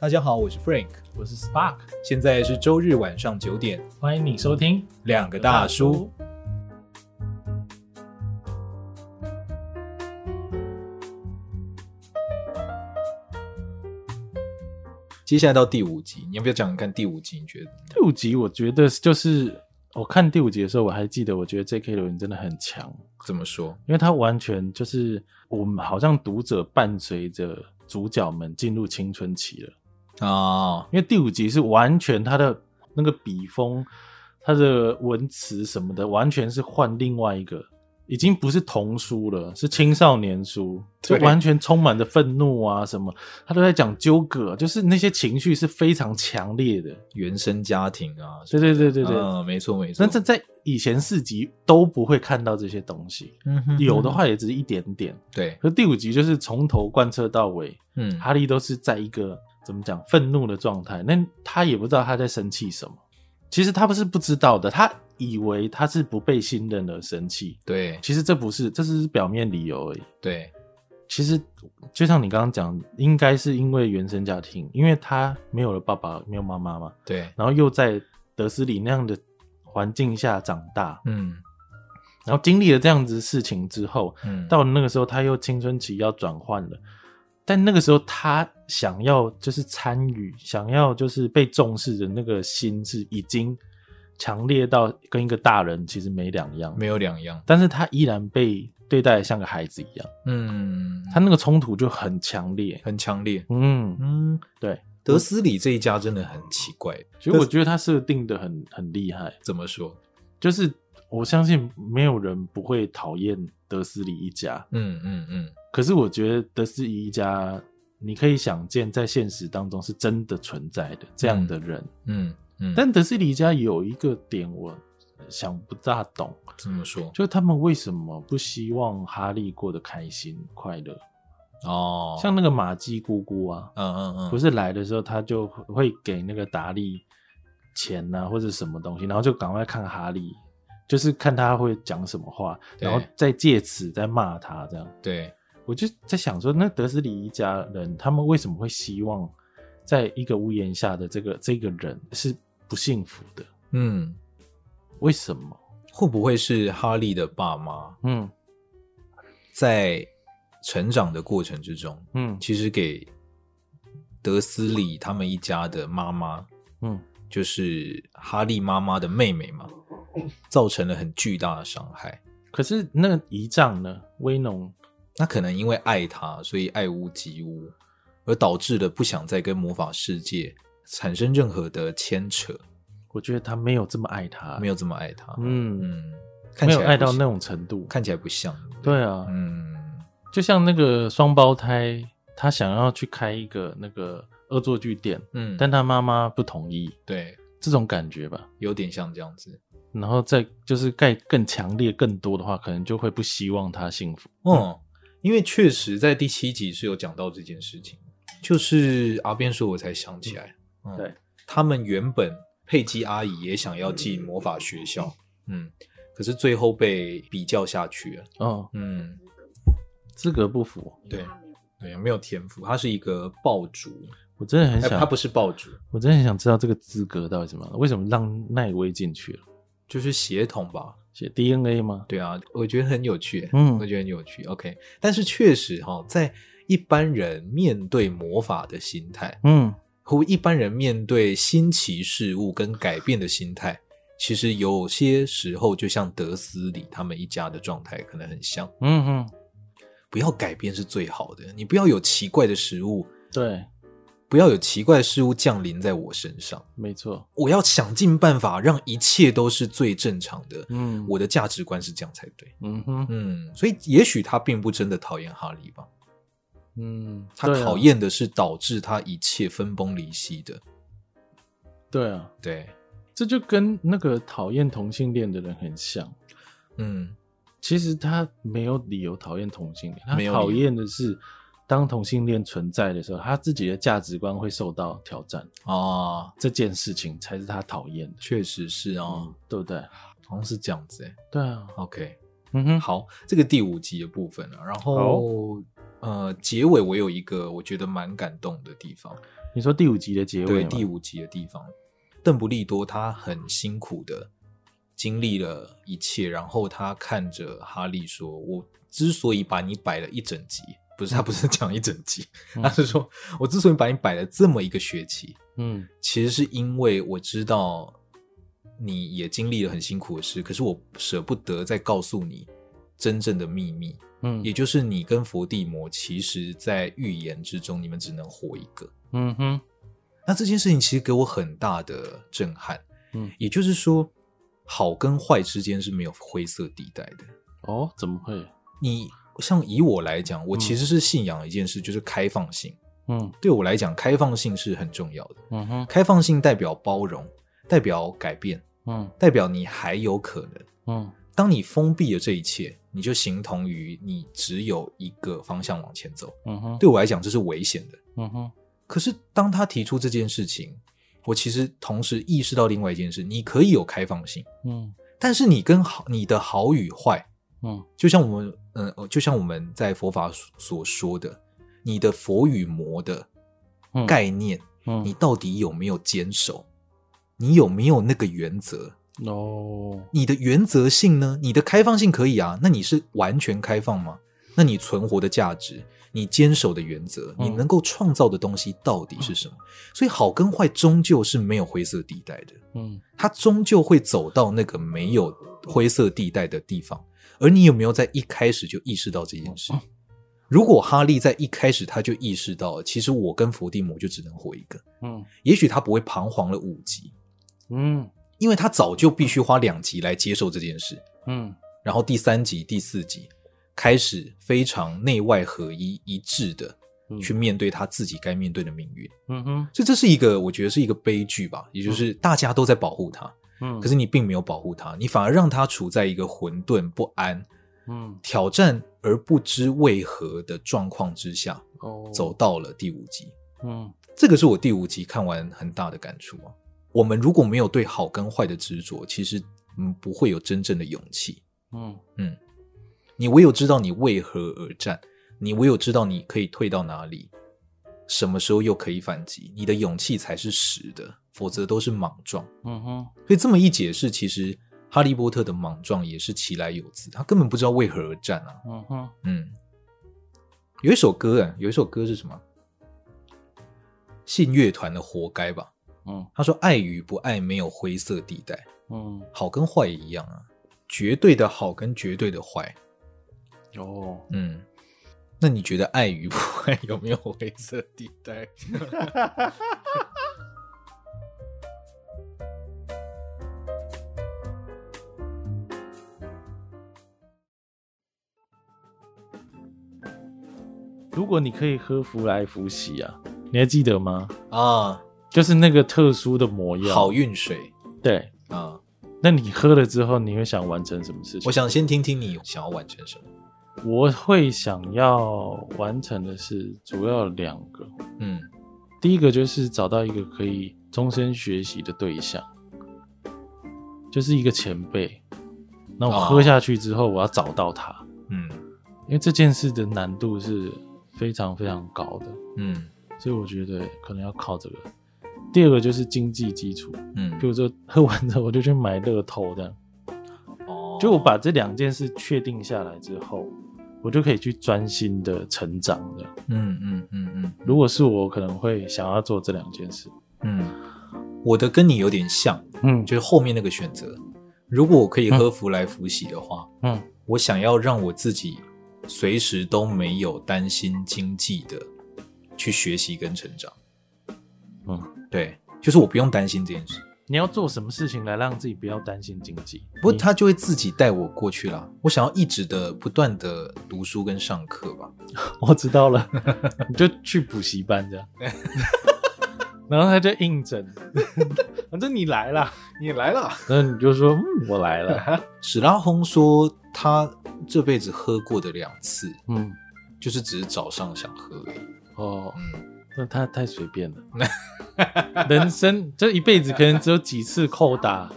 大家好，我是 Frank，我是 Spark，現在是周日晚上九點，歡迎你收聽兩個大叔。嗯、大叔接下來到第五集，你要不要講講看第五集，你覺得第五集？我覺得就是我看第五集的時候，我還記得，我覺得 J.K. 羅琳真的很強。怎麼說？因為她完全就是我們好像讀者伴隨着主角們進入青春期了。哦，因為第五集是完全他的那個筆鋒，他的文詞什麼的，完全是換另外一個，已經不是童書了，是青少年書，就完全充滿着憤怒啊什麼，他對都在講糾葛，就是那些情緒是非常強烈的，原生家庭啊，對對對對對，嗯，沒錯沒錯，那這在以前四集都不會看到這些東西，嗯嗯，有的話也只是一點點，對，可第五集就是從頭貫徹到尾，嗯，哈利都是在一個。怎麼講憤怒的狀態？那他也不知道他在生氣什麼。其實他不是不知道的，他以為他是不被信任的生氣。對，其實這不是，這是表面理由而已。對，其實就像你剛剛講，應該是因為原生家庭，因為他沒有了爸爸，沒有媽媽嘛。對，然後又在德思禮那樣的環境下長大，嗯，然後經歷了這樣子事情之後，嗯，到了那個時候他又青春期要轉換了。但那個時候，他想要就是參與，想要就是被重視的那個心智，已經強烈到跟一個大人其實沒兩樣，沒有兩樣。但是他依然被對待像個孩子一樣。嗯，他那個衝突就很強烈，很強烈。嗯嗯，嗯對。德斯里這一家真的很奇怪，所以我覺得他設定的很很厲害。怎麼說？就是我相信沒有人不會討厭。德思禮一家，嗯嗯嗯，嗯嗯，可是我覺得德思禮一家，你可以想見，在現實當中是真的存在的這樣的人，嗯嗯。嗯嗯，但德思禮一家有一個點，我想不大懂。怎麼說？就他們為什麼不希望哈利過得開心快樂？哦，像那個瑪姬姑姑啊，嗯嗯嗯，嗯嗯，不是來的時候，他就會給那個達力錢啊，或者什麼東西，然後就趕快看哈利。就是看他會講什麼話，對然後再借此再罵他這樣。對，我就在想說，那德思禮一家人，他們為什麼會希望在一個屋檐下的這個這個人是不幸福的？嗯，為什麼？會不會是哈利的爸媽？嗯，在成長的過程之中，嗯，其實給德思禮他們一家的媽媽，嗯，就是哈利媽媽的妹妹嘛。造成了很巨大的傷害。可是那個姨丈呢？威農，那可能因為愛他，所以愛屋及烏，而導致了不想再跟魔法世界產生任何的牽扯。我覺得他沒有這麼愛他，沒有這麼愛他。嗯，沒有愛到那種程度，看起來不像。對，對啊，嗯，就像那個雙胞胎，他想要去開一個那個惡作劇店，嗯，但他媽媽不同意。對，這種感覺吧，有點像這樣子。然後再就是蓋更強烈、更多的話，可能就會不希望他幸福。嗯，哦、因為確實在第七集是有講到這件事情，就是阿邊說，我才想起來，對，他們原本佩姬阿姨也想要進魔法學校，嗯嗯，嗯，可是最後被比較下去了。嗯、哦、嗯，資格不符，對對，沒有天賦，他是一個爆竹。我真的很想、哎，他不是爆竹。我真的很想知道這個資格到底怎麼了，為什麼讓奈威進去了？就是協同吧，是 D N A 嗎？對啊，我覺得很有趣，嗯，我覺得很有趣。OK，但是確實哈，在一般人面對魔法的心態，嗯，和一般人面對新奇事物跟改變的心態，其實有些時候就像德斯里他們一家的狀態，可能很像。嗯嗯，不要改變是最好的，你不要有奇怪的食物，對。不要有奇怪的事物降臨在我身上。沒錯，我要想盡辦法讓一切都是最正常的。嗯，我的價值觀是這樣才對。嗯哼，嗯，所以也許他並不真的討厭哈利吧。嗯，他討厭的是導致他一切分崩離析的。對啊，對，這就跟那個討厭同性戀的人很像。嗯，其實他沒有理由討厭同性戀，他討厭的是。當同性戀存在的時候，他自己的價值觀會受到挑戰啊！這件事情才是他討厭的，確實是啊，嗯哦、對不對？好像是這樣子哎，對啊。OK，嗯哼，好，這個第五集的部分了。然後，好呃，結尾我有一個我覺得蠻感動的地方。你說第五集的結尾？對，第五集的地方，鄧布利多他很辛苦的經歷了一切，然後他看着哈利說：“我之所以把你擺了一整集。”不是他不是講一整集，嗯、他是說，我之所以把你擺了這麼一個學期，嗯，其實是因為我知道你也經歷了很辛苦的事，可是我捨不得再告訴你真正的秘密，嗯，也就是你跟佛地魔其實在預言之中，你們只能活一個，嗯哼，那這件事情其實給我很大的震撼，嗯，也就是說，好跟壞之間是沒有灰色地帶的，哦，怎麼會？你像以我來講，我其實是信仰一件事，嗯、就是開放性。嗯，對我來講，開放性是很重要的。嗯哼，開放性代表包容，代表改變。嗯，代表你還有可能。嗯，當你封閉了這一切，你就形同於你只有一個方向往前走。嗯哼，對我來講，這是危險的。嗯哼，可是當他提出這件事情，我其實同時意識到另外一件事，你可以有開放性。嗯，但是你跟好，你的好與壞。嗯，就像我們。嗯，就像我們在佛法所說的，你的佛與魔的概念，嗯，嗯，你到底有沒有堅守？你有沒有那個原則？哦，你的原則性呢？你的開放性可以啊，那你是完全開放嗎？那你存活的價值，你堅守的原則，你能夠創造的東西到底是什麼？嗯，所以好跟壞終究是沒有灰色地帶的，嗯，它終究會走到那個沒有灰色地帶的地方。而你有沒有在一開始就意識到這件事？嗯嗯、如果哈利在一開始他就意識到，其實我跟佛地魔就只能活一個，嗯，也許他不會彷徨了五集，嗯，因為他早就必須花兩集來接受這件事，嗯，然後第三集、第四集開始非常內外合一、一致的去面對他自己該面對的命運，嗯哼，這、嗯、這是一個我覺得是一個悲劇吧，也就是大家都在保護他。嗯，可是你並沒有保護他，你反而讓他處在一個混沌不安、嗯挑戰而不知為何的狀況之下，哦，走到了第五集，嗯，這個是我第五集看完很大的感觸啊。我們如果沒有對好跟壞的執着，其實嗯不會有真正的勇氣，嗯嗯，你唯有知道你為何而戰，你唯有知道你可以退到哪裡。什麼時候又可以反擊？你的勇氣才是實的，否則都是莽撞。嗯哼、uh-huh. 所以這麼一解釋，其實哈利波特的莽撞也是其來有自，他根本不知道為何而戰啊。嗯哼、uh-huh. 嗯，有一首歌啊，有一首歌是什麼？信樂團的《活該》吧。嗯、uh-huh. 他說愛與不愛沒有灰色地帶。嗯、uh-huh. 好跟壞也一樣啊，絕對的好跟絕對的壞。哦，oh. 嗯。那你覺得愛與不愛有沒有灰色地帶？ 如果你可以喝福來福喜啊，你還記得嗎？啊，就是那個特殊的魔藥，好運水。對啊，那你喝了之後，你會想完成什麼事情？我想先聽聽你想要完成什麼。我會想要完成的事主要兩個，嗯，第一個就是找到一個可以終身學習的對象，就是一個前輩，那我喝下去之後，我要找到他，嗯、哦，因為這件事的難度是非常非常高的，嗯，所以我覺得可能要靠這個。第二個就是經濟基礎，嗯，比如說喝完之後我就去買樂透這樣，哦，就我把這兩件事確定下來之後。我就可以去專心的成長，的、嗯。嗯嗯嗯嗯。嗯，如果是我，我可能會想要做這兩件事。嗯，我的跟你有點像，嗯，就是後面那個選擇，如果我可以喝福來福喜的話，嗯，我想要讓我自己隨時都沒有擔心經濟的去學習跟成長。嗯，對，就是我不用擔心這件事。你要做什麼事情來讓自己不要擔心經濟？不過他就會自己帶我過去啦、啊。我想要一直的、不斷的讀書跟上課吧。我知道了， 你就去補習班這樣。 然後他就應徵，反正你來了，你來了，那你就說， 我來了。 史拉轟說他這輩子喝過的兩次，嗯，就是只是早上想喝而已。哦。嗯那他太隨便了， 人生這一輩子可能只有幾次扣打，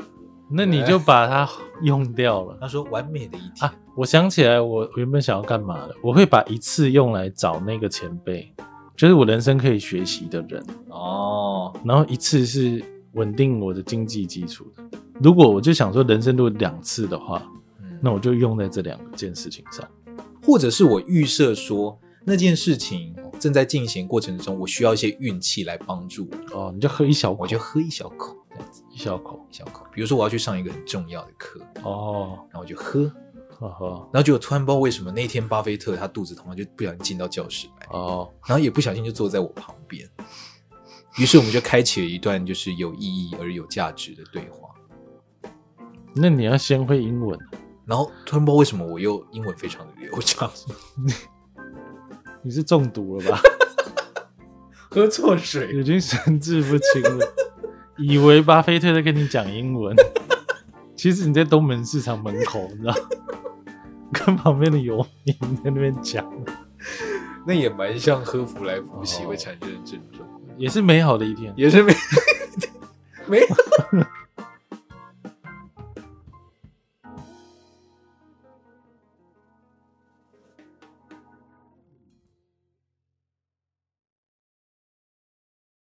那你就把它用掉了。 他說完美的一天，啊、我想起來，我原本想要幹嘛的？我會把一次用來找那個前輩，就是我人生可以學習的人哦。然後一次是穩定我的經濟基礎。如果我就想說，人生都有兩次的話，嗯、那我就用在這兩件事情上，或者是我預設說那件事情。正在進行過程中，我需要一些運氣來幫助我哦。你就喝一小口，我就喝一小口，這樣子，一小口，一小口，一小口。比如說，我要去上一個很重要的課哦，然後我就喝，呵呵。然後就突然不知道為什麼，那天巴菲特他肚子疼，就不小心進到教室來哦，然後也不小心就坐在我旁邊，於是我們就開啟了一段就是有意義而有價值的對話。那你要先會英文，然後突然不知道為什麼，我又英文非常的流暢。 你是中毒了吧？ 喝錯水，已經神志不清了， 以為巴菲特在跟你講英文， 其實你在東門市場門口，你知道， 跟旁邊的遊民在那邊講，那也蠻像喝福來福喜會產生的症狀，哦，也是美好的一天，也是美，好 美。